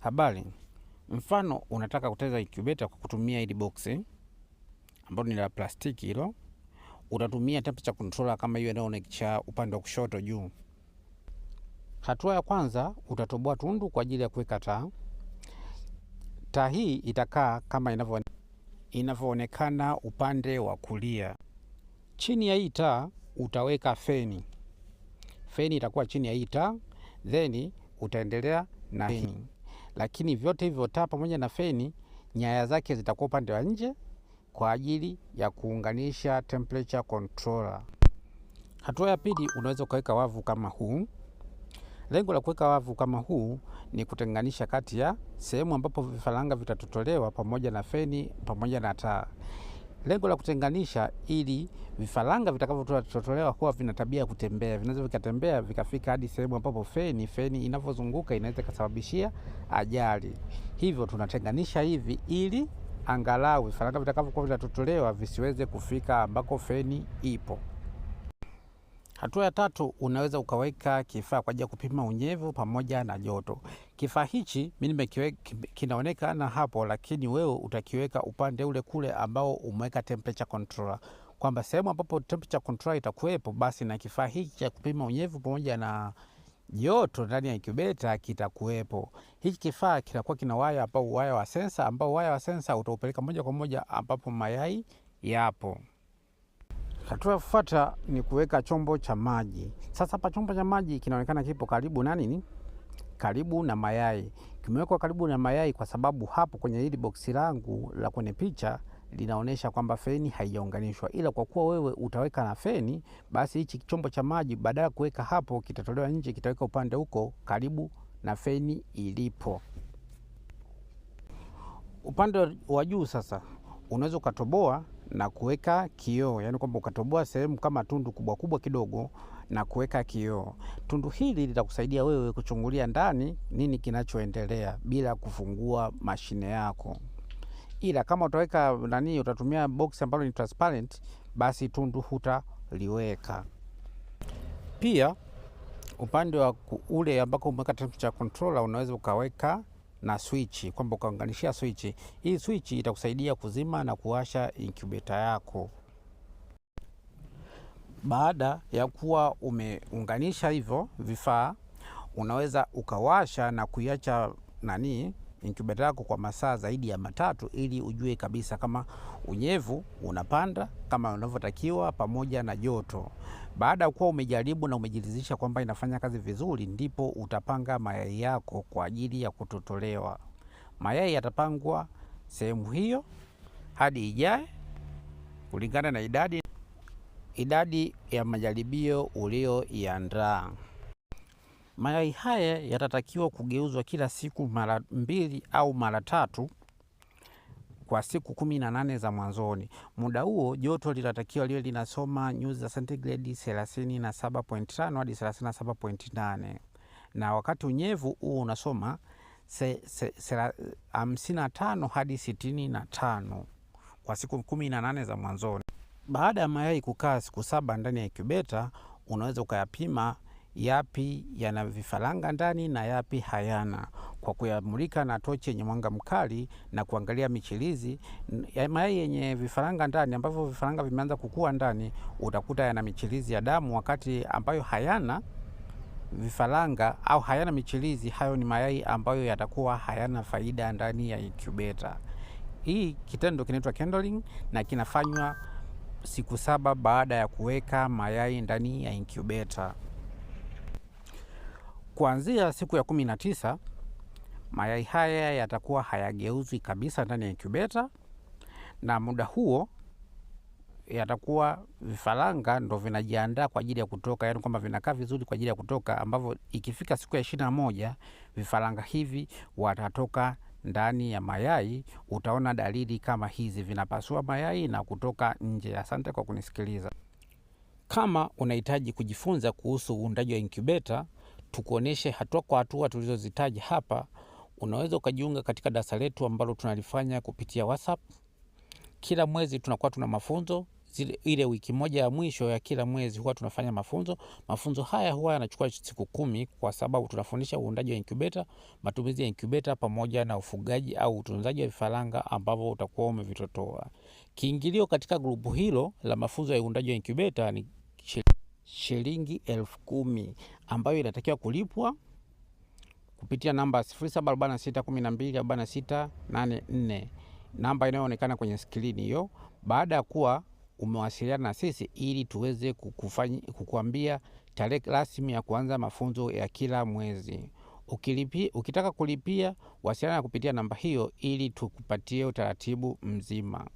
Habari. Mfano unataka kuteza incubator kwa kutumia hili box eh? ambalo ni la plastiki hilo, utatumia temperature controller kama hiyo inayoonekana upande wa kushoto juu. Hatua ya kwanza utatoboa tundu kwa ajili ya kuweka taa. Taa hii itakaa kama inavyoonekana upande wa kulia. Chini ya hii taa utaweka feni, feni itakuwa chini ya hii taa, then utaendelea na hii lakini vyote hivyo taa pamoja na feni nyaya zake zitakuwa upande wa nje kwa ajili ya kuunganisha temperature controller. Hatua ya pili, unaweza ukaweka wavu kama huu. Lengo la kuweka wavu kama huu ni kutenganisha kati ya sehemu ambapo vifaranga vitatotolewa pamoja na feni pamoja na taa lengo la kutenganisha ili vifaranga vitakavyotolewa kuwa vina tabia ya kutembea, vinaweza vikatembea vikafika hadi sehemu ambapo feni feni inavyozunguka inaweza ikasababishia ajali. Hivyo tunatenganisha hivi ili angalau vifaranga vitakavyokuwa vinatotolewa visiweze kufika ambako feni ipo. Hatua ya tatu, unaweza ukaweka kifaa kwa ajili ya kupima unyevu pamoja na joto. Kifaa hichi mimi kinaonekana hapo, lakini wewe utakiweka upande ule kule ambao umeweka temperature controller, kwamba sehemu ambapo temperature controller itakuwepo, basi na kifaa hichi cha kupima unyevu pamoja na joto ndani ya incubator kitakuwepo. Hichi kifaa kinakuwa kina waya ambao waya wa sensa, ambao waya wa sensa utaupeleka moja kwa moja ambapo mayai yapo. Hatua ya kufuata ni kuweka chombo cha maji. Sasa hapa chombo cha maji kinaonekana kipo karibu na nini? Karibu na mayai. Kimewekwa karibu na mayai kwa sababu hapo kwenye hili boksi langu la kwenye picha linaonyesha kwamba feni haijaunganishwa, ila kwa kuwa wewe utaweka na feni, basi hichi chombo cha maji badala ya kuweka hapo kitatolewa nje, kitaweka upande huko karibu na feni ilipo. Upande wa juu sasa unaweza ukatoboa na kuweka kioo, yani kwamba ukatoboa sehemu kama tundu kubwa kubwa kidogo na kuweka kioo. Tundu hili litakusaidia wewe kuchungulia ndani nini kinachoendelea bila kufungua mashine yako, ila kama utaweka nani, utatumia box ambalo ni transparent, basi tundu hutaliweka. Pia upande wa ule ambako umeweka temperature controller unaweza ukaweka na switch kwamba ukaunganishia switch Hii switch itakusaidia kuzima na kuwasha incubator yako. Baada ya kuwa umeunganisha hivyo vifaa, unaweza ukawasha na kuiacha nani incubator yako kwa masaa zaidi ya matatu ili ujue kabisa kama unyevu unapanda kama unavyotakiwa pamoja na joto. Baada ya kuwa umejaribu na umejiridhisha kwamba inafanya kazi vizuri, ndipo utapanga mayai yako kwa ajili ya kutotolewa. Mayai yatapangwa sehemu hiyo hadi ijae kulingana na idadi idadi ya majaribio ulioiandaa. Mayai haya yatatakiwa kugeuzwa kila siku mara mbili au mara tatu kwa siku kumi na nane za mwanzoni. Muda huo joto linatakiwa liwe linasoma nyuzi za sentigredi 37.5 hadi 37.8, na wakati unyevu huo unasoma 55 hadi 65 kwa siku kumi na nane za mwanzoni. Baada ya mayai kukaa siku saba ndani ya kubeta, unaweza ukayapima yapi yana vifaranga ndani na yapi hayana kwa kuyamulika na tochi yenye mwanga mkali na kuangalia michirizi ya mayai yenye vifaranga ndani, ambavyo vifaranga vimeanza kukua ndani, utakuta yana michirizi ya damu, wakati ambayo hayana vifaranga au hayana michirizi. Hayo ni mayai ambayo yatakuwa hayana faida ndani ya incubator. Hii kitendo kinaitwa candling na kinafanywa siku saba baada ya kuweka mayai ndani ya incubator. Kuanzia siku ya kumi na tisa mayai haya yatakuwa hayageuzwi kabisa ndani ya incubator, na muda huo yatakuwa vifaranga ndo vinajiandaa kwa ajili ya kutoka, yani kwamba vinakaa vizuri kwa ajili ya kutoka, ambavyo ikifika siku ya ishirini na moja vifaranga hivi watatoka ndani ya mayai. Utaona dalili kama hizi, vinapasua mayai na kutoka nje. Asante kwa kunisikiliza. Kama unahitaji kujifunza kuhusu uundaji wa incubator tukuonyeshe hatua kwa hatua tulizozitaja hapa. Unaweza ukajiunga katika darasa letu ambalo tunalifanya kupitia WhatsApp. Kila mwezi tunakuwa tuna mafunzo zile, ile wiki moja ya mwisho ya kila mwezi huwa tunafanya mafunzo. Mafunzo haya huwa yanachukua siku kumi kwa sababu tunafundisha uundaji wa incubator, matumizi ya incubator pamoja na ufugaji au utunzaji wa vifaranga ambavyo utakuwa umevitotoa. Kiingilio katika grupu hilo la mafunzo ya uundaji wa incubator ni shilingi elfu kumi ambayo inatakiwa kulipwa kupitia namba 0746124684 namba inayoonekana kwenye skrini hiyo, baada ya kuwa umewasiliana na sisi ili tuweze kukuambia tarehe rasmi ya kuanza mafunzo ya kila mwezi. Ukilipi, ukitaka kulipia wasiliana na kupitia namba hiyo ili tukupatie utaratibu mzima.